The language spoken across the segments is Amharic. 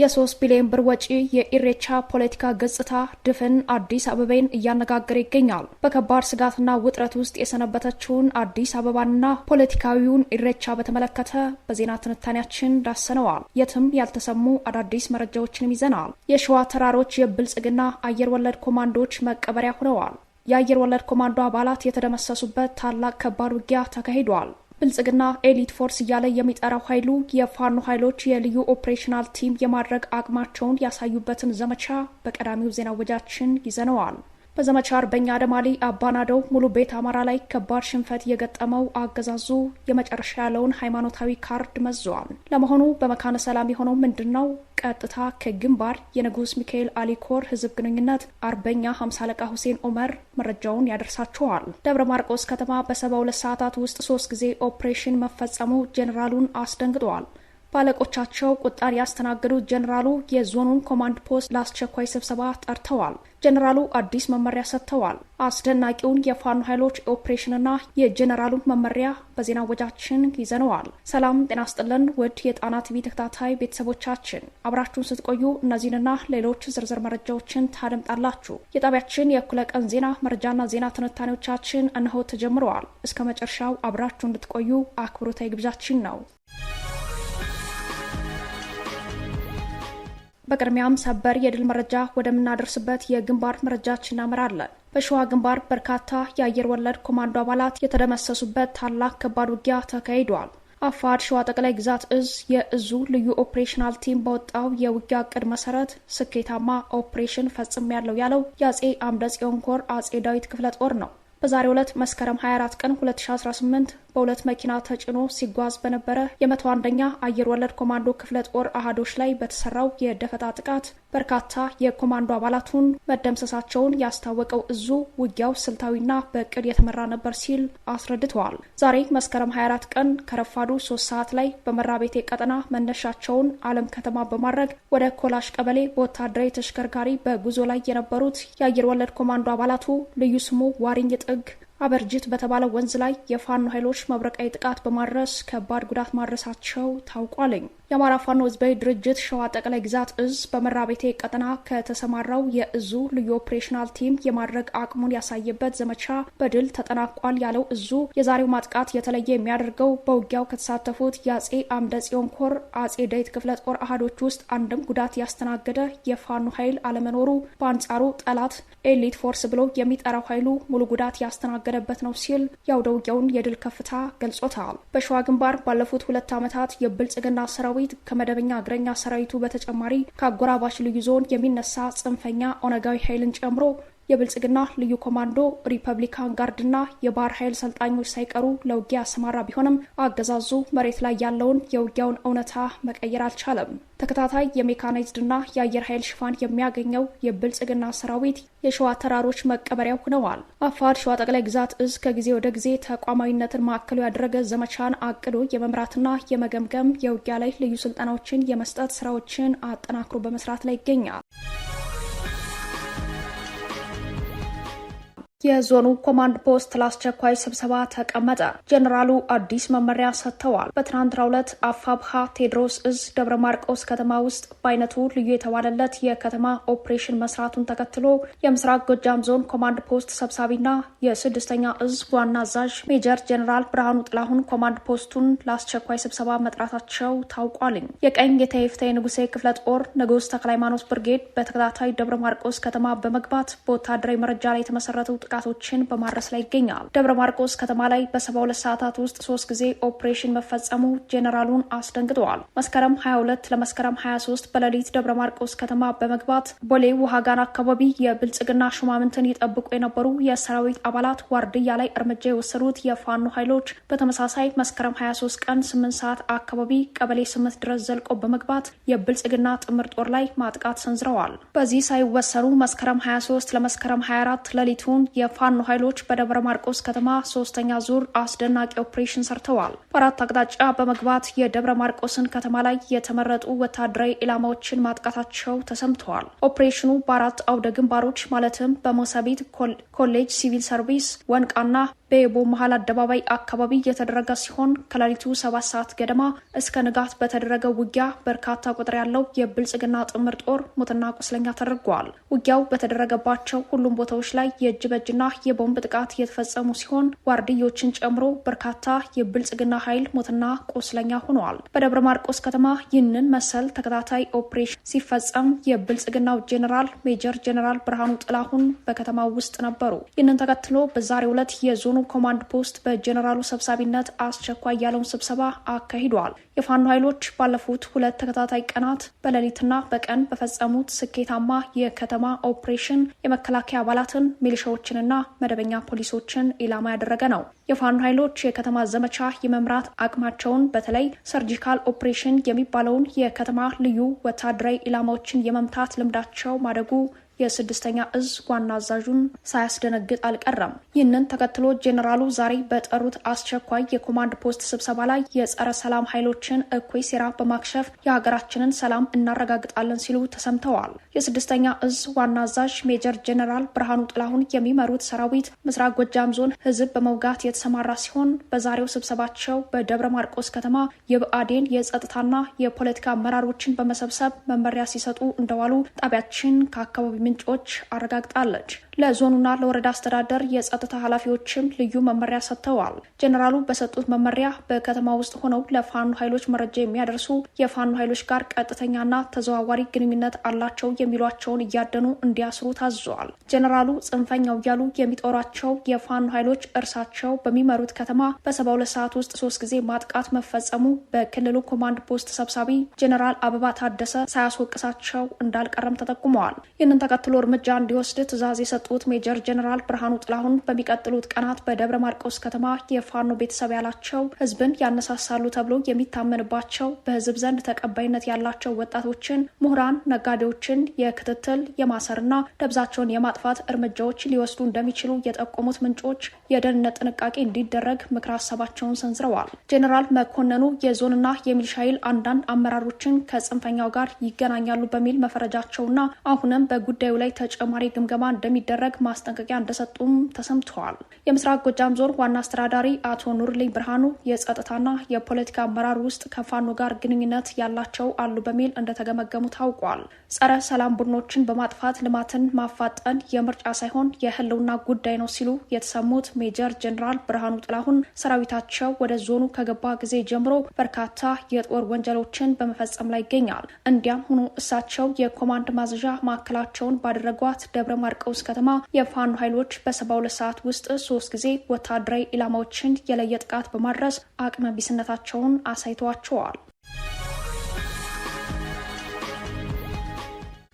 የሶስት ቢሊዮን ብር ወጪ የኢሬቻ ፖለቲካ ገጽታ ድፍን አዲስ አበቤን እያነጋገረ ይገኛል። በከባድ ስጋትና ውጥረት ውስጥ የሰነበተችውን አዲስ አበባና ፖለቲካዊውን ኢሬቻ በተመለከተ በዜና ትንታኔያችን ዳሰነዋል። የትም ያልተሰሙ አዳዲስ መረጃዎችንም ይዘናል። የሸዋ ተራሮች የብልጽግና አየር ወለድ ኮማንዶዎች መቀበሪያ ሆነዋል። የአየር ወለድ ኮማንዶ አባላት የተደመሰሱበት ታላቅ ከባድ ውጊያ ተካሂዷል። ብልጽግና ኤሊት ፎርስ እያለ የሚጠራው ኃይሉ የፋኖ ኃይሎች የልዩ ኦፕሬሽናል ቲም የማድረግ አቅማቸውን ያሳዩበትን ዘመቻ በቀዳሚው ዜና ወጃችን ይዘነዋል። በዘመቻ አርበኛ አደማሊ አባናደው ሙሉ ቤት አማራ ላይ ከባድ ሽንፈት የገጠመው አገዛዙ የመጨረሻ ያለውን ሃይማኖታዊ ካርድ መዘዋል። ለመሆኑ በመካነ ሰላም የሆነው ምንድን ነው? ቀጥታ ከግንባር የንጉስ ሚካኤል አሊኮር ህዝብ ግንኙነት አርበኛ ሀምሳ አለቃ ሁሴን ኡመር መረጃውን ያደርሳችኋል። ደብረ ማርቆስ ከተማ በሰባ ሁለት ሰዓታት ውስጥ ሶስት ጊዜ ኦፕሬሽን መፈጸሙ ጄኔራሉን አስደንግጠዋል። ባለቆቻቸው ቁጣር ያስተናገዱት ጀኔራሉ የዞኑን ኮማንድ ፖስት ለአስቸኳይ ስብሰባ ጠርተዋል። ጀኔራሉ አዲስ መመሪያ ሰጥተዋል። አስደናቂውን የፋኖ ኃይሎች ኦፕሬሽንና የጀኔራሉን መመሪያ በዜና ወጃችን ይዘነዋል። ሰላም ጤና ስጥልን ውድ የጣና ቲቪ ተከታታይ ቤተሰቦቻችን አብራችሁን ስትቆዩ እነዚህንና ሌሎች ዝርዝር መረጃዎችን ታደምጣላችሁ። የጣቢያችን የእኩለ ቀን ዜና መረጃና ዜና ትንታኔዎቻችን እነሆ ተጀምረዋል። እስከ መጨረሻው አብራችሁ እንድትቆዩ አክብሮታዊ ግብዣችን ነው። በቅድሚያም ሰበር የድል መረጃ ወደምናደርስበት የግንባር መረጃችን እናመራለን። በሸዋ ግንባር በርካታ የአየር ወለድ ኮማንዶ አባላት የተደመሰሱበት ታላቅ ከባድ ውጊያ ተካሂዷል። አፋድ ሸዋ ጠቅላይ ግዛት እዝ የእዙ ልዩ ኦፕሬሽናል ቲም በወጣው የውጊያ እቅድ መሰረት ስኬታማ ኦፕሬሽን ፈጽሜያለሁ ያለው የአጼ አምደ ጽዮን ኮር አጼ ዳዊት ክፍለ ጦር ነው። በዛሬው ዕለት መስከረም 24 ቀን 2018 በሁለት መኪና ተጭኖ ሲጓዝ በነበረ የመቶ አንደኛ አየር ወለድ ኮማንዶ ክፍለ ጦር አህዶች ላይ በተሰራው የደፈጣ ጥቃት በርካታ የኮማንዶ አባላቱን መደምሰሳቸውን ያስታወቀው እዙ ውጊያው ስልታዊና በእቅድ የተመራ ነበር ሲል አስረድተዋል። ዛሬ መስከረም 24 ቀን ከረፋዱ ሶስት ሰዓት ላይ በመራ ቤቴ ቀጠና መነሻቸውን አለም ከተማ በማድረግ ወደ ኮላሽ ቀበሌ በወታደራዊ ተሽከርካሪ በጉዞ ላይ የነበሩት የአየር ወለድ ኮማንዶ አባላቱ ልዩ ስሙ ዋሪኝ ጥግ አበርጅት በተባለ ወንዝ ላይ የፋኖ ኃይሎች መብረቃዊ ጥቃት በማድረስ ከባድ ጉዳት ማድረሳቸው ታውቋልኝ። የአማራ ፋኖ ህዝባዊ ድርጅት ሸዋ ጠቅላይ ግዛት እዝ በመራቤቴ ቀጠና ከተሰማራው የእዙ ልዩ ኦፕሬሽናል ቲም የማድረግ አቅሙን ያሳየበት ዘመቻ በድል ተጠናቋል ያለው እዙ የዛሬው ማጥቃት የተለየ የሚያደርገው በውጊያው ከተሳተፉት የአጼ አምደ ጽዮን ኮር አጼ ደይት ክፍለ ጦር አህዶች ውስጥ አንድም ጉዳት ያስተናገደ የፋኖ ኃይል አለመኖሩ፣ በአንጻሩ ጠላት ኤሊት ፎርስ ብሎ የሚጠራው ኃይሉ ሙሉ ጉዳት ያስተናገደበት ነው ሲል የአውደ ውጊያውን የድል ከፍታ ገልጾታል። በሸዋ ግንባር ባለፉት ሁለት ዓመታት የብልጽግና ሰራዊት ሰራዊት ከመደበኛ እግረኛ ሰራዊቱ በተጨማሪ ከአጎራባች ልዩ ዞን የሚነሳ ጽንፈኛ ኦነጋዊ ኃይልን ጨምሮ የብልጽግና ልዩ ኮማንዶ ሪፐብሊካን ጋርድና የባህር ኃይል ሰልጣኞች ሳይቀሩ ለውጊያ አሰማራ ቢሆንም አገዛዙ መሬት ላይ ያለውን የውጊያውን እውነታ መቀየር አልቻለም። ተከታታይ የሜካናይዝድና የአየር ኃይል ሽፋን የሚያገኘው የብልጽግና ሰራዊት የሸዋ ተራሮች መቀበሪያው ሆነዋል። አፋር ሸዋ ጠቅላይ ግዛት እዝ ከጊዜ ወደ ጊዜ ተቋማዊነትን ማዕከሉ ያደረገ ዘመቻን አቅዶ የመምራትና የመገምገም የውጊያ ላይ ልዩ ስልጠናዎችን የመስጠት ስራዎችን አጠናክሮ በመስራት ላይ ይገኛል። የዞኑ ኮማንድ ፖስት ለአስቸኳይ ስብሰባ ተቀመጠ። ጀኔራሉ አዲስ መመሪያ ሰጥተዋል። በትናንትናው ዕለት አፋብሃ ቴድሮስ እዝ ደብረ ማርቆስ ከተማ ውስጥ በአይነቱ ልዩ የተባለለት የከተማ ኦፕሬሽን መስራቱን ተከትሎ የምስራቅ ጎጃም ዞን ኮማንድ ፖስት ሰብሳቢና የስድስተኛ እዝ ዋና አዛዥ ሜጀር ጀኔራል ብርሃኑ ጥላሁን ኮማንድ ፖስቱን ለአስቸኳይ ስብሰባ መጥራታቸው ታውቋልኝ። የቀኝ የተየፍተ ንጉሴ ክፍለ ጦር ንጉስ ተክለሃይማኖት ብርጌድ በተከታታይ ደብረ ማርቆስ ከተማ በመግባት በወታደራዊ መረጃ ላይ የተመሰረተው ጥቃቶችን በማድረስ ላይ ይገኛል። ደብረ ማርቆስ ከተማ ላይ በሰባ ሁለት ሰዓታት ውስጥ ሶስት ጊዜ ኦፕሬሽን መፈጸሙ ጄኔራሉን አስደንግጠዋል። መስከረም 22 ለመስከረም 23 በሌሊት ደብረ ማርቆስ ከተማ በመግባት ቦሌ ውሃ ጋን አካባቢ የብልጽግና ሹማምንትን ይጠብቁ የነበሩ የሰራዊት አባላት ዋርድያ ላይ እርምጃ የወሰዱት የፋኖ ኃይሎች በተመሳሳይ መስከረም 23 ቀን 8 ሰዓት አካባቢ ቀበሌ 8 ድረስ ዘልቆ በመግባት የብልጽግና ጥምር ጦር ላይ ማጥቃት ሰንዝረዋል። በዚህ ሳይወሰኑ መስከረም 23 ለመስከረም 24 ሌሊቱን የፋኖ ኃይሎች በደብረ ማርቆስ ከተማ ሶስተኛ ዙር አስደናቂ ኦፕሬሽን ሰርተዋል። በአራት አቅጣጫ በመግባት የደብረ ማርቆስን ከተማ ላይ የተመረጡ ወታደራዊ ኢላማዎችን ማጥቃታቸው ተሰምተዋል። ኦፕሬሽኑ በአራት አውደ ግንባሮች ማለትም በመሰቢት ኮሌጅ፣ ሲቪል ሰርቪስ፣ ወንቃና በየቦ መሀል አደባባይ አካባቢ የተደረገ ሲሆን ከሌሊቱ ሰባት ሰዓት ገደማ እስከ ንጋት በተደረገ ውጊያ በርካታ ቁጥር ያለው የብልጽግና ጥምር ጦር ሙትና ቁስለኛ ተደርጓል። ውጊያው በተደረገባቸው ሁሉም ቦታዎች ላይ የእጅ በእጅና የቦምብ ጥቃት እየተፈጸሙ ሲሆን ዋርድዮችን ጨምሮ በርካታ የብልጽግና ኃይል ሙትና ቁስለኛ ሆነዋል። በደብረ ማርቆስ ከተማ ይህንን መሰል ተከታታይ ኦፕሬሽን ሲፈጸም የብልጽግናው ጄኔራል ሜጀር ጄኔራል ብርሃኑ ጥላሁን በከተማው ውስጥ ነበሩ። ይህንን ተከትሎ በዛሬው ዕለት የዞኑ ኮማንድ ፖስት በጀኔራሉ ሰብሳቢነት አስቸኳይ ያለውን ስብሰባ አካሂዷል። የፋኖ ኃይሎች ባለፉት ሁለት ተከታታይ ቀናት በሌሊትና በቀን በፈጸሙት ስኬታማ የከተማ ኦፕሬሽን የመከላከያ አባላትን ሚሊሻዎችንና መደበኛ ፖሊሶችን ኢላማ ያደረገ ነው። የፋኖ ኃይሎች የከተማ ዘመቻ የመምራት አቅማቸውን በተለይ ሰርጂካል ኦፕሬሽን የሚባለውን የከተማ ልዩ ወታደራዊ ኢላማዎችን የመምታት ልምዳቸው ማደጉ የስድስተኛ እዝ ዋና አዛዡን ሳያስደነግጥ አልቀረም። ይህንን ተከትሎ ጄኔራሉ ዛሬ በጠሩት አስቸኳይ የኮማንድ ፖስት ስብሰባ ላይ የጸረ ሰላም ኃይሎችን እኩይ ሴራ በማክሸፍ የሀገራችንን ሰላም እናረጋግጣለን ሲሉ ተሰምተዋል። የስድስተኛ እዝ ዋና አዛዥ ሜጀር ጄኔራል ብርሃኑ ጥላሁን የሚመሩት ሰራዊት ምስራቅ ጎጃም ዞን ህዝብ በመውጋት የተሰ የተሰማራ ሲሆን በዛሬው ስብሰባቸው በደብረ ማርቆስ ከተማ የብአዴን የጸጥታና የፖለቲካ አመራሮችን በመሰብሰብ መመሪያ ሲሰጡ እንደዋሉ ጣቢያችን ከአካባቢ ምንጮች አረጋግጣለች። ለዞኑና ለወረዳ አስተዳደር የጸጥታ ኃላፊዎችም ልዩ መመሪያ ሰጥተዋል። ጀኔራሉ በሰጡት መመሪያ በከተማ ውስጥ ሆነው ለፋኖ ኃይሎች መረጃ የሚያደርሱ የፋኖ ኃይሎች ጋር ቀጥተኛና ተዘዋዋሪ ግንኙነት አላቸው የሚሏቸውን እያደኑ እንዲያስሩ ታዟል። ጀኔራሉ ጽንፈኛው እያሉ የሚጠሯቸው የፋኖ ኃይሎች እርሳቸው በሚመሩት ከተማ በሰባ ሁለት ሰዓት ውስጥ ሶስት ጊዜ ማጥቃት መፈጸሙ በክልሉ ኮማንድ ፖስት ሰብሳቢ ጀኔራል አበባ ታደሰ ሳያስወቅሳቸው እንዳልቀረም ተጠቁመዋል። ይህንን ተከትሎ እርምጃ እንዲወስድ ትዕዛዝ የሰ የሰጡት ሜጀር ጀኔራል ብርሃኑ ጥላሁን በሚቀጥሉት ቀናት በደብረ ማርቆስ ከተማ የፋኖ ቤተሰብ ያላቸው ህዝብን ያነሳሳሉ ተብሎ የሚታመንባቸው በህዝብ ዘንድ ተቀባይነት ያላቸው ወጣቶችን፣ ምሁራን፣ ነጋዴዎችን የክትትል የማሰርና ደብዛቸውን የማጥፋት እርምጃዎች ሊወስዱ እንደሚችሉ የጠቆሙት ምንጮች የደህንነት ጥንቃቄ እንዲደረግ ምክር ሀሳባቸውን ሰንዝረዋል። ጀኔራል መኮንኑ የዞንና የሚሊሻ ኃይል አንዳንድ አመራሮችን ከጽንፈኛው ጋር ይገናኛሉ በሚል መፈረጃቸውና አሁንም በጉዳዩ ላይ ተጨማሪ ግምገማ እንደሚደ እንደሚደረግ ማስጠንቀቂያ እንደሰጡም ተሰምተዋል። የምስራቅ ጎጃም ዞን ዋና አስተዳዳሪ አቶ ኑርሊኝ ብርሃኑ የጸጥታና የፖለቲካ አመራር ውስጥ ከፋኖ ጋር ግንኙነት ያላቸው አሉ በሚል እንደተገመገሙ ታውቋል። ጸረ ሰላም ቡድኖችን በማጥፋት ልማትን ማፋጠን የምርጫ ሳይሆን የህልውና ጉዳይ ነው ሲሉ የተሰሙት ሜጀር ጀኔራል ብርሃኑ ጥላሁን ሰራዊታቸው ወደ ዞኑ ከገባ ጊዜ ጀምሮ በርካታ የጦር ወንጀሎችን በመፈጸም ላይ ይገኛል። እንዲያም ሆኖ እሳቸው የኮማንድ ማዘዣ ማዕከላቸውን ባደረጓት ደብረ ማርቆስ ከተማ ከተማ የፋኖ ኃይሎች በሰባ ሁለት ሰዓት ውስጥ ሶስት ጊዜ ወታደራዊ ኢላማዎችን የለየ ጥቃት በማድረስ አቅመ ቢስነታቸውን አሳይተዋቸዋል።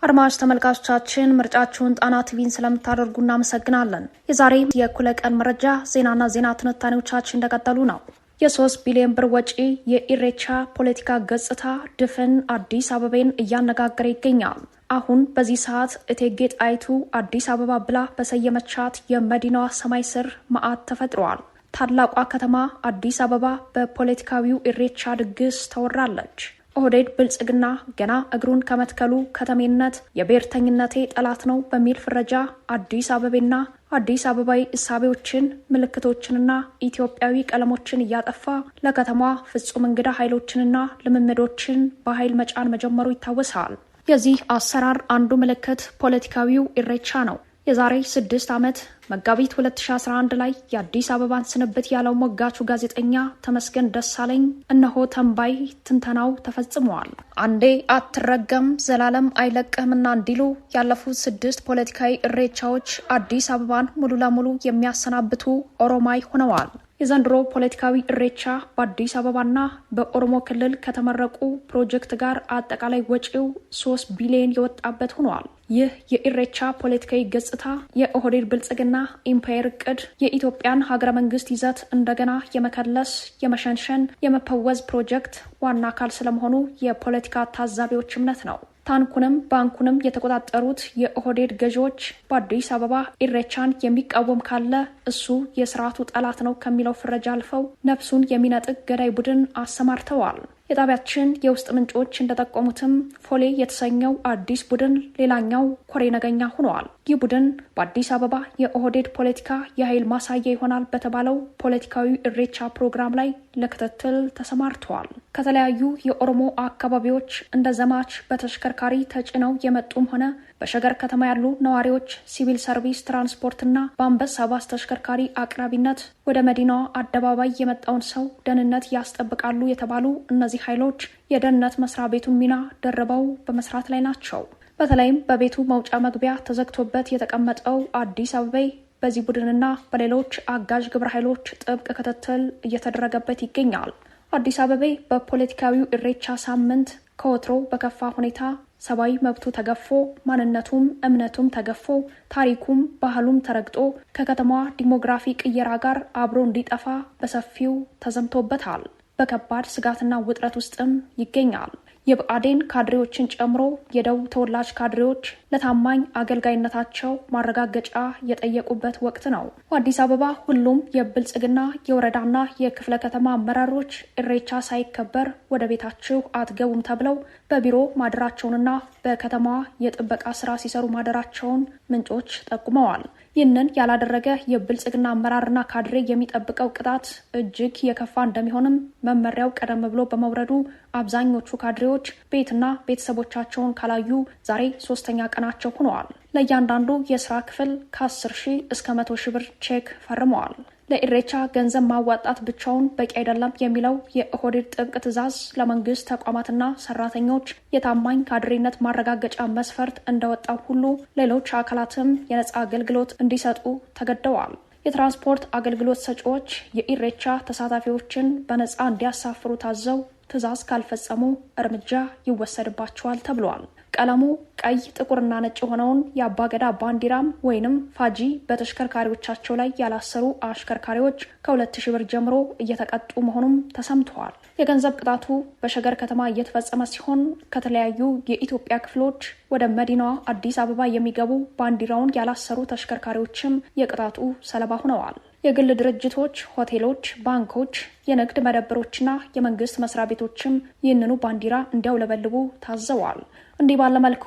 አድማጭ ተመልካቾቻችን ምርጫችሁን ጣና ቲቪን ስለምታደርጉ እናመሰግናለን። የዛሬ የእኩለ ቀን መረጃ ዜናና ዜና ትንታኔዎቻችን እንደቀጠሉ ነው። የሶስት ቢሊዮን ብር ወጪ የኢሬቻ ፖለቲካ ገጽታ ድፍን አዲስ አበቤን እያነጋገረ ይገኛል። አሁን በዚህ ሰዓት እቴጌ ጣይቱ አዲስ አበባ ብላ በሰየመቻት የመዲናዋ ሰማይ ስር መዓት ተፈጥሯል። ታላቋ ከተማ አዲስ አበባ በፖለቲካዊው ኢሬቻ ድግስ ተወራለች። ኦህዴድ ብልጽግና ገና እግሩን ከመትከሉ ከተሜነት የብሔርተኝነቴ ጠላት ነው በሚል ፍረጃ አዲስ አበቤና አዲስ አበባዊ እሳቤዎችን ምልክቶችንና ኢትዮጵያዊ ቀለሞችን እያጠፋ ለከተማ ፍጹም እንግዳ ኃይሎችንና ልምምዶችን በኃይል መጫን መጀመሩ ይታወሳል። የዚህ አሰራር አንዱ ምልክት ፖለቲካዊው ኢሬቻ ነው። የዛሬ ስድስት ዓመት መጋቢት 2011 ላይ የአዲስ አበባን ስንብት ያለው ሞጋቹ ጋዜጠኛ ተመስገን ደሳለኝ እነሆ ተንባይ ትንተናው ተፈጽመዋል። አንዴ አትረገም ዘላለም አይለቅህምና እንዲሉ ያለፉት ስድስት ፖለቲካዊ እሬቻዎች አዲስ አበባን ሙሉ ለሙሉ የሚያሰናብቱ ኦሮማይ ሆነዋል። የዘንድሮ ፖለቲካዊ እሬቻ በአዲስ አበባና በኦሮሞ ክልል ከተመረቁ ፕሮጀክት ጋር አጠቃላይ ወጪው ሶስት ቢሊዮን የወጣበት ሆኗል። ይህ የኢሬቻ ፖለቲካዊ ገጽታ የኦህዴድ ብልጽግና ኢምፓየር እቅድ የኢትዮጵያን ሀገረ መንግስት ይዘት እንደገና የመከለስ የመሸንሸን፣ የመፈወዝ ፕሮጀክት ዋና አካል ስለመሆኑ የፖለቲካ ታዛቢዎች እምነት ነው። ታንኩንም ባንኩንም የተቆጣጠሩት የኦህዴድ ገዢዎች በአዲስ አበባ ኢሬቻን የሚቃወም ካለ እሱ የስርዓቱ ጠላት ነው ከሚለው ፍረጃ አልፈው ነፍሱን የሚነጥቅ ገዳይ ቡድን አሰማርተዋል። የጣቢያችን የውስጥ ምንጮች እንደጠቆሙትም ፎሌ የተሰኘው አዲስ ቡድን ሌላኛው ኮሬ ነገኛ ሆነዋል። ይህ ቡድን በአዲስ አበባ የኦህዴድ ፖለቲካ የኃይል ማሳያ ይሆናል በተባለው ፖለቲካዊ እሬቻ ፕሮግራም ላይ ለክትትል ተሰማርተዋል። ከተለያዩ የኦሮሞ አካባቢዎች እንደ ዘማች በተሽከርካሪ ተጭነው የመጡም ሆነ በሸገር ከተማ ያሉ ነዋሪዎች ሲቪል ሰርቪስ ትራንስፖርትና በአንበሳ ባስ ተሽከርካሪ አቅራቢነት ወደ መዲናዋ አደባባይ የመጣውን ሰው ደህንነት ያስጠብቃሉ የተባሉ እነዚህ ኃይሎች የደህንነት መስሪያ ቤቱን ሚና ደርበው በመስራት ላይ ናቸው። በተለይም በቤቱ መውጫ መግቢያ ተዘግቶበት የተቀመጠው አዲስ አበባይ በዚህ ቡድንና በሌሎች አጋዥ ግብረ ኃይሎች ጥብቅ ክትትል እየተደረገበት ይገኛል። አዲስ አበቤ በፖለቲካዊው እሬቻ ሳምንት ከወትሮ በከፋ ሁኔታ ሰብአዊ መብቱ ተገፎ ማንነቱም እምነቱም ተገፎ ታሪኩም ባህሉም ተረግጦ ከከተማዋ ዲሞግራፊ ቅየራ ጋር አብሮ እንዲጠፋ በሰፊው ተዘምቶበታል። በከባድ ስጋትና ውጥረት ውስጥም ይገኛል። የብአዴን ካድሬዎችን ጨምሮ የደቡብ ተወላጅ ካድሬዎች ለታማኝ አገልጋይነታቸው ማረጋገጫ የጠየቁበት ወቅት ነው። በአዲስ አበባ ሁሉም የብልጽግና የወረዳና የክፍለ ከተማ አመራሮች እሬቻ ሳይከበር ወደ ቤታችሁ አትገቡም ተብለው በቢሮ ማደራቸውንና በከተማዋ የጥበቃ ስራ ሲሰሩ ማደራቸውን ምንጮች ጠቁመዋል። ይህንን ያላደረገ የብልጽግና አመራርና ካድሬ የሚጠብቀው ቅጣት እጅግ የከፋ እንደሚሆንም መመሪያው ቀደም ብሎ በመውረዱ አብዛኞቹ ካድሬዎች ቤትና ቤተሰቦቻቸውን ካላዩ ዛሬ ሶስተኛ ቀናቸው ሆነዋል። ለእያንዳንዱ የስራ ክፍል ከ10 ሺህ እስከ 100 ብር ቼክ ፈርመዋል። ለኢሬቻ ገንዘብ ማዋጣት ብቻውን በቂ አይደለም የሚለው የኦህዴድ ጥብቅ ትዕዛዝ ለመንግስት ተቋማትና ሰራተኞች የታማኝ ካድሬነት ማረጋገጫ መስፈርት እንደወጣው ሁሉ ሌሎች አካላትም የነፃ አገልግሎት እንዲሰጡ ተገደዋል። የትራንስፖርት አገልግሎት ሰጪዎች የኢሬቻ ተሳታፊዎችን በነፃ እንዲያሳፍሩ ታዘው ትዕዛዝ ካልፈጸሙ እርምጃ ይወሰድባቸዋል ተብሏል። ቀለሙ ቀይ ጥቁርና ነጭ የሆነውን የአባገዳ ባንዲራም ወይንም ፋጂ በተሽከርካሪዎቻቸው ላይ ያላሰሩ አሽከርካሪዎች ከሁለት ሺ ብር ጀምሮ እየተቀጡ መሆኑም ተሰምተዋል። የገንዘብ ቅጣቱ በሸገር ከተማ እየተፈጸመ ሲሆን ከተለያዩ የኢትዮጵያ ክፍሎች ወደ መዲናዋ አዲስ አበባ የሚገቡ ባንዲራውን ያላሰሩ ተሽከርካሪዎችም የቅጣቱ ሰለባ ሆነዋል። የግል ድርጅቶች፣ ሆቴሎች፣ ባንኮች፣ የንግድ መደብሮችና የመንግስት መስሪያ ቤቶችም ይህንኑ ባንዲራ እንዲያውለበልቡ ታዘዋል። እንዲህ ባለ መልኩ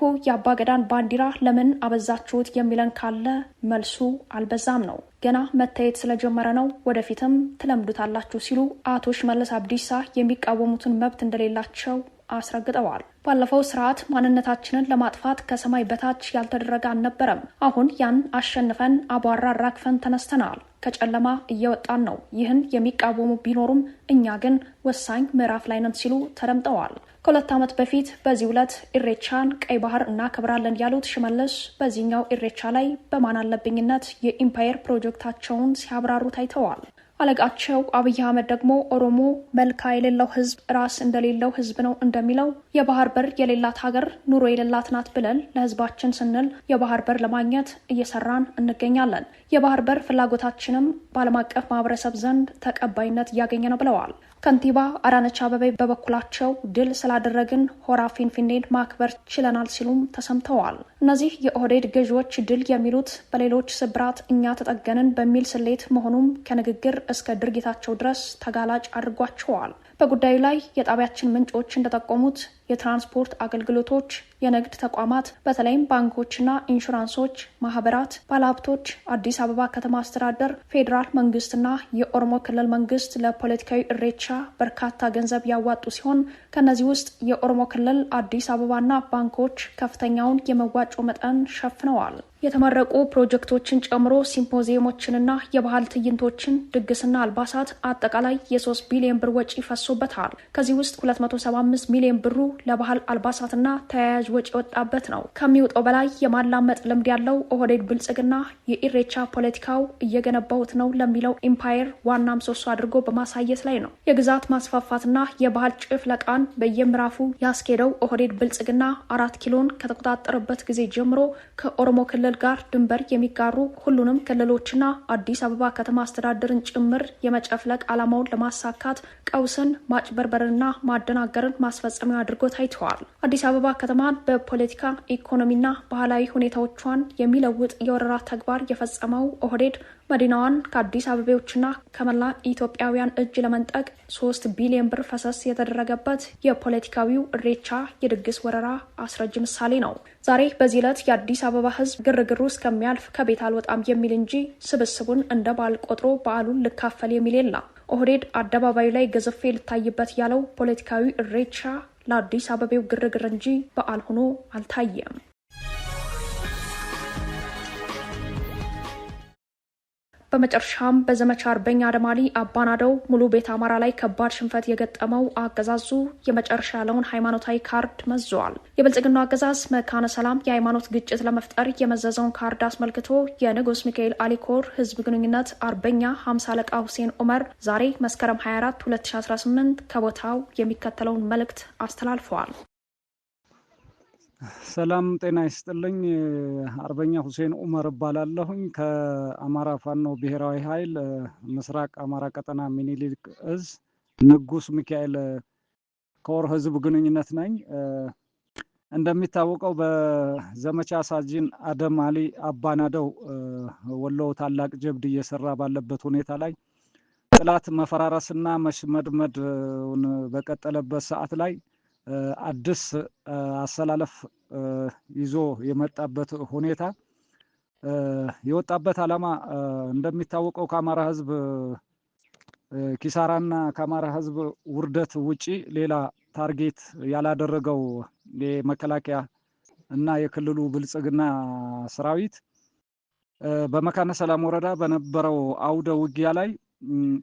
ገዳን ባንዲራ ለምን አበዛችሁት የሚለን ካለ መልሱ አልበዛም ነው። ገና መታየት ስለጀመረ ነው። ወደፊትም ትለምዱታላችሁ ሲሉ አቶ ሽመለስ አብዲሳ የሚቃወሙትን መብት እንደሌላቸው አስረግጠዋል። ባለፈው ስርዓት ማንነታችንን ለማጥፋት ከሰማይ በታች ያልተደረገ አልነበረም። አሁን ያን አሸንፈን አቧራ ራግፈን ተነስተናል። ከጨለማ እየወጣን ነው። ይህን የሚቃወሙ ቢኖሩም እኛ ግን ወሳኝ ምዕራፍ ላይ ነን ሲሉ ተደምጠዋል። ከሁለት ዓመት በፊት በዚህ ዕለት ኢሬቻን ቀይ ባህር እናከብራለን ያሉት ሽመልስ በዚህኛው ኢሬቻ ላይ በማን አለብኝነት የኢምፓየር ፕሮጀክታቸውን ሲያብራሩ ታይተዋል። አለቃቸው አብይ አህመድ ደግሞ ኦሮሞ መልካ የሌለው ህዝብ ራስ እንደሌለው ህዝብ ነው እንደሚለው የባህር በር የሌላት ሀገር ኑሮ የሌላት ናት ብለን ለህዝባችን ስንል የባህር በር ለማግኘት እየሰራን እንገኛለን። የባህር በር ፍላጎታችንም በዓለም አቀፍ ማህበረሰብ ዘንድ ተቀባይነት እያገኘ ነው ብለዋል። ከንቲባ አዳነች አበቤ በበኩላቸው ድል ስላደረግን ሆራ ፊንፊኔን ማክበር ችለናል ሲሉም ተሰምተዋል። እነዚህ የኦህዴድ ገዢዎች ድል የሚሉት በሌሎች ስብራት እኛ ተጠገንን በሚል ስሌት መሆኑም ከንግግር እስከ ድርጊታቸው ድረስ ተጋላጭ አድርጓቸዋል። በጉዳዩ ላይ የጣቢያችን ምንጮች እንደጠቆሙት የትራንስፖርት አገልግሎቶች፣ የንግድ ተቋማት በተለይም ባንኮችና ኢንሹራንሶች፣ ማህበራት፣ ባለሀብቶች፣ አዲስ አበባ ከተማ አስተዳደር፣ ፌዴራል መንግስትና የኦሮሞ ክልል መንግስት ለፖለቲካዊ እሬቻ በርካታ ገንዘብ ያዋጡ ሲሆን ከእነዚህ ውስጥ የኦሮሞ ክልል አዲስ አበባና ባንኮች ከፍተኛውን የመዋጮ መጠን ሸፍነዋል። የተመረቁ ፕሮጀክቶችን ጨምሮ ሲምፖዚየሞችንና የባህል ትዕይንቶችን፣ ድግስና አልባሳት አጠቃላይ የሶስት ቢሊዮን ብር ወጪ ፈሶ ደርሶበታል። ከዚህ ውስጥ 275 ሚሊዮን ብሩ ለባህል አልባሳትና ተያያዥ ወጪ የወጣበት ነው። ከሚወጣው በላይ የማላመጥ ልምድ ያለው ኦህዴድ ብልጽግና የኢሬቻ ፖለቲካው እየገነባሁት ነው ለሚለው ኢምፓየር ዋና ምሰሶ አድርጎ በማሳየት ላይ ነው። የግዛት ማስፋፋትና የባህል ጭፍለቃን በየምዕራፉ ያስኬደው ኦህዴድ ብልጽግና አራት ኪሎን ከተቆጣጠረበት ጊዜ ጀምሮ ከኦሮሞ ክልል ጋር ድንበር የሚጋሩ ሁሉንም ክልሎችና አዲስ አበባ ከተማ አስተዳደርን ጭምር የመጨፍለቅ ዓላማውን ለማሳካት ቀውስን ማጭበርበርንና ማደናገርን ማስፈጸሚያ አድርጎ ታይተዋል። አዲስ አበባ ከተማን በፖለቲካ ኢኮኖሚና ባህላዊ ሁኔታዎቿን የሚለውጥ የወረራ ተግባር የፈጸመው ኦህዴድ መዲናዋን ከአዲስ አበቤዎችና ከመላ ኢትዮጵያውያን እጅ ለመንጠቅ ሶስት ቢሊዮን ብር ፈሰስ የተደረገበት የፖለቲካዊው እሬቻ የድግስ ወረራ አስረጅ ምሳሌ ነው። ዛሬ በዚህ ዕለት የአዲስ አበባ ሕዝብ ውስጥ እስከሚያልፍ ከቤት አልወጣም የሚል እንጂ ስብስቡን እንደ በዓል ቆጥሮ በዓሉን ልካፈል የሚል የለም። ኦህዴድ አደባባዩ ላይ ገዘፌ ልታይበት ያለው ፖለቲካዊ እሬቻ ለአዲስ አበቤው ግርግር እንጂ በዓል ሆኖ አልታየም። በመጨረሻም በዘመቻ አርበኛ አደማሊ አባናደው ሙሉ ቤት አማራ ላይ ከባድ ሽንፈት የገጠመው አገዛዙ የመጨረሻ ያለውን ሃይማኖታዊ ካርድ መዘዋል። የብልጽግናው አገዛዝ መካነ ሰላም የሃይማኖት ግጭት ለመፍጠር የመዘዘውን ካርድ አስመልክቶ የንጉስ ሚካኤል አሊኮር ህዝብ ግንኙነት አርበኛ ሀምሳ አለቃ ሁሴን ኡመር ዛሬ መስከረም 24 2018 ከቦታው የሚከተለውን መልእክት አስተላልፈዋል። ሰላም ጤና ይስጥልኝ። አርበኛ ሁሴን ኡመር እባላለሁኝ ከአማራ ፋኖ ብሔራዊ ኃይል ምስራቅ አማራ ቀጠና ሚኒሊክ እዝ ንጉስ ሚካኤል ከወር ህዝብ ግንኙነት ነኝ። እንደሚታወቀው በዘመቻ ሳጅን አደም አሊ አባናደው ወሎ ታላቅ ጀብድ እየሰራ ባለበት ሁኔታ ላይ ጥላት መፈራረስና መሽመድመድ በቀጠለበት ሰዓት ላይ አዲስ አሰላለፍ ይዞ የመጣበት ሁኔታ የወጣበት ዓላማ እንደሚታወቀው ከአማራ ሕዝብ ኪሳራና ከአማራ ሕዝብ ውርደት ውጪ ሌላ ታርጌት ያላደረገው የመከላከያ እና የክልሉ ብልጽግና ሰራዊት በመካነ ሰላም ወረዳ በነበረው አውደ ውጊያ ላይ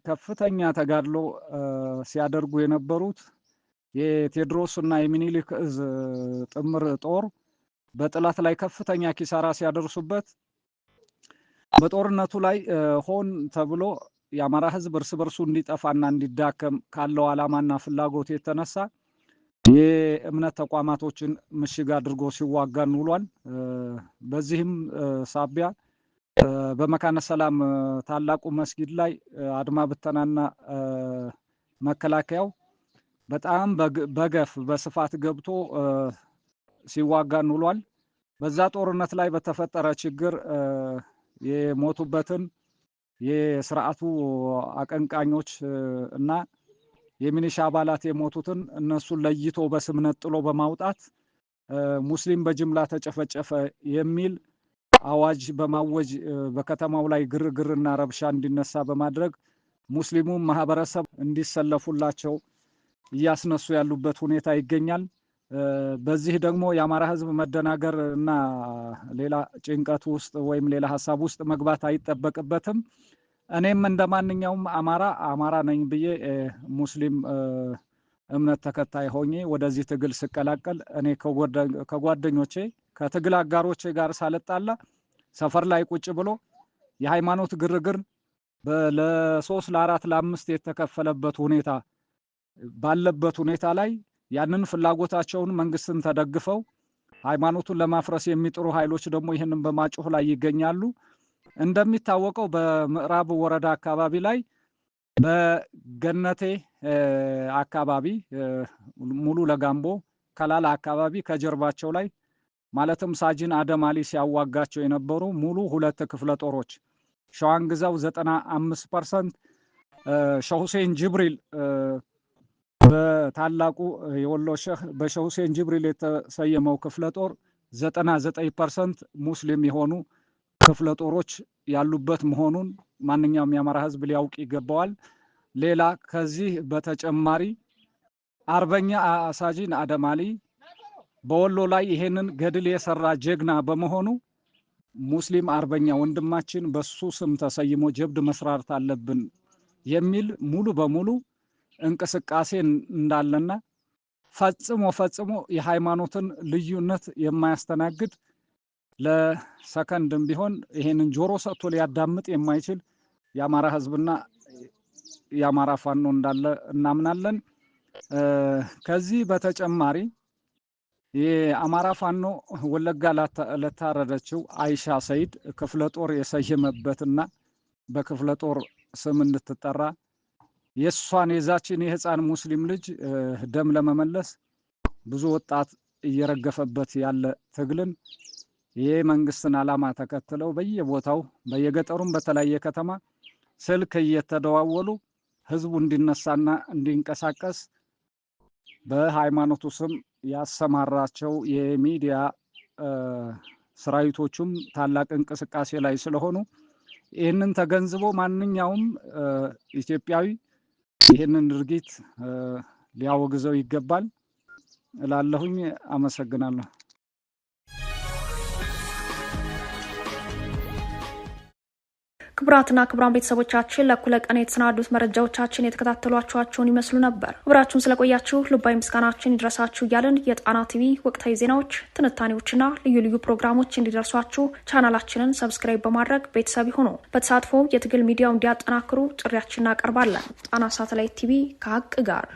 ከፍተኛ ተጋድሎ ሲያደርጉ የነበሩት የቴዎድሮስ እና የሚኒሊክ እዝ ጥምር ጦር በጠላት ላይ ከፍተኛ ኪሳራ ሲያደርሱበት በጦርነቱ ላይ ሆን ተብሎ የአማራ ሕዝብ እርስ በርሱ እንዲጠፋና እንዲዳከም ካለው ዓላማና ፍላጎት የተነሳ የእምነት ተቋማቶችን ምሽግ አድርጎ ሲዋጋን ውሏል። በዚህም ሳቢያ በመካነ ሰላም ታላቁ መስጊድ ላይ አድማ ብተናና መከላከያው በጣም በገፍ በስፋት ገብቶ ሲዋጋ እንውሏል። በዛ ጦርነት ላይ በተፈጠረ ችግር የሞቱበትን የስርዓቱ አቀንቃኞች እና የሚኒሻ አባላት የሞቱትን እነሱን ለይቶ በስምነት ጥሎ በማውጣት ሙስሊም በጅምላ ተጨፈጨፈ የሚል አዋጅ በማወጅ በከተማው ላይ ግርግርና ረብሻ እንዲነሳ በማድረግ ሙስሊሙም ማህበረሰብ እንዲሰለፉላቸው እያስነሱ ያሉበት ሁኔታ ይገኛል። በዚህ ደግሞ የአማራ ህዝብ መደናገር እና ሌላ ጭንቀት ውስጥ ወይም ሌላ ሀሳብ ውስጥ መግባት አይጠበቅበትም። እኔም እንደ ማንኛውም አማራ አማራ ነኝ ብዬ ሙስሊም እምነት ተከታይ ሆኜ ወደዚህ ትግል ስቀላቀል እኔ ከጓደኞቼ ከትግል አጋሮቼ ጋር ሳልጣላ ሰፈር ላይ ቁጭ ብሎ የሃይማኖት ግርግር ለሶስት ለአራት ለአምስት የተከፈለበት ሁኔታ ባለበት ሁኔታ ላይ ያንን ፍላጎታቸውን መንግስትን ተደግፈው ሃይማኖቱን ለማፍረስ የሚጥሩ ኃይሎች ደግሞ ይህንን በማጮህ ላይ ይገኛሉ። እንደሚታወቀው በምዕራብ ወረዳ አካባቢ ላይ በገነቴ አካባቢ ሙሉ ለጋምቦ ከላላ አካባቢ ከጀርባቸው ላይ ማለትም ሳጅን አደማሊ ሲያዋጋቸው የነበሩ ሙሉ ሁለት ክፍለ ጦሮች ሸዋንግዛው 95 ፐርሰንት ሸሁሴን ጅብሪል በታላቁ የወሎ ሸህ በሸህ ሁሴን ጅብሪል የተሰየመው ክፍለ ጦር ዘጠና ዘጠኝ ፐርሰንት ሙስሊም የሆኑ ክፍለ ጦሮች ያሉበት መሆኑን ማንኛውም የአማራ ህዝብ ሊያውቅ ይገባዋል። ሌላ ከዚህ በተጨማሪ አርበኛ አሳጂን አደማሊ በወሎ ላይ ይሄንን ገድል የሰራ ጀግና በመሆኑ ሙስሊም አርበኛ ወንድማችን በሱ ስም ተሰይሞ ጀብድ መስራት አለብን የሚል ሙሉ በሙሉ እንቅስቃሴ እንዳለና ፈጽሞ ፈጽሞ የሃይማኖትን ልዩነት የማያስተናግድ ለሰከንድም ቢሆን ይሄንን ጆሮ ሰጥቶ ሊያዳምጥ የማይችል የአማራ ህዝብና የአማራ ፋኖ እንዳለ እናምናለን። ከዚህ በተጨማሪ የአማራ ፋኖ ወለጋ ለታረደችው አይሻ ሰይድ ክፍለ ጦር የሰየመበትና በክፍለ ጦር ስም እንድትጠራ የእሷን የዛችን የህፃን ሙስሊም ልጅ ደም ለመመለስ ብዙ ወጣት እየረገፈበት ያለ ትግልን ይህ መንግስትን አላማ ተከትለው በየቦታው በየገጠሩም በተለያየ ከተማ ስልክ እየተደዋወሉ ህዝቡ እንዲነሳና እንዲንቀሳቀስ በሃይማኖቱ ስም ያሰማራቸው የሚዲያ ሰራዊቶቹም ታላቅ እንቅስቃሴ ላይ ስለሆኑ ይህንን ተገንዝቦ ማንኛውም ኢትዮጵያዊ ይህንን ድርጊት ሊያወግዘው ይገባል እላለሁኝ። አመሰግናለሁ። ክቡራትና ክቡራን ቤተሰቦቻችን ለእኩለ ቀን የተሰናዱት መረጃዎቻችን የተከታተሏቸኋቸውን ይመስሉ ነበር። አብራችሁን ስለቆያችሁ ልባዊ ምስጋናችን ይድረሳችሁ እያለን የጣና ቲቪ ወቅታዊ ዜናዎች፣ ትንታኔዎችና ልዩ ልዩ ፕሮግራሞች እንዲደርሷችሁ ቻናላችንን ሰብስክራይብ በማድረግ ቤተሰብ ይሁኑ። በተሳትፎ የትግል ሚዲያው እንዲያጠናክሩ ጥሪያችን እናቀርባለን። ጣና ሳተላይት ቲቪ ከሀቅ ጋር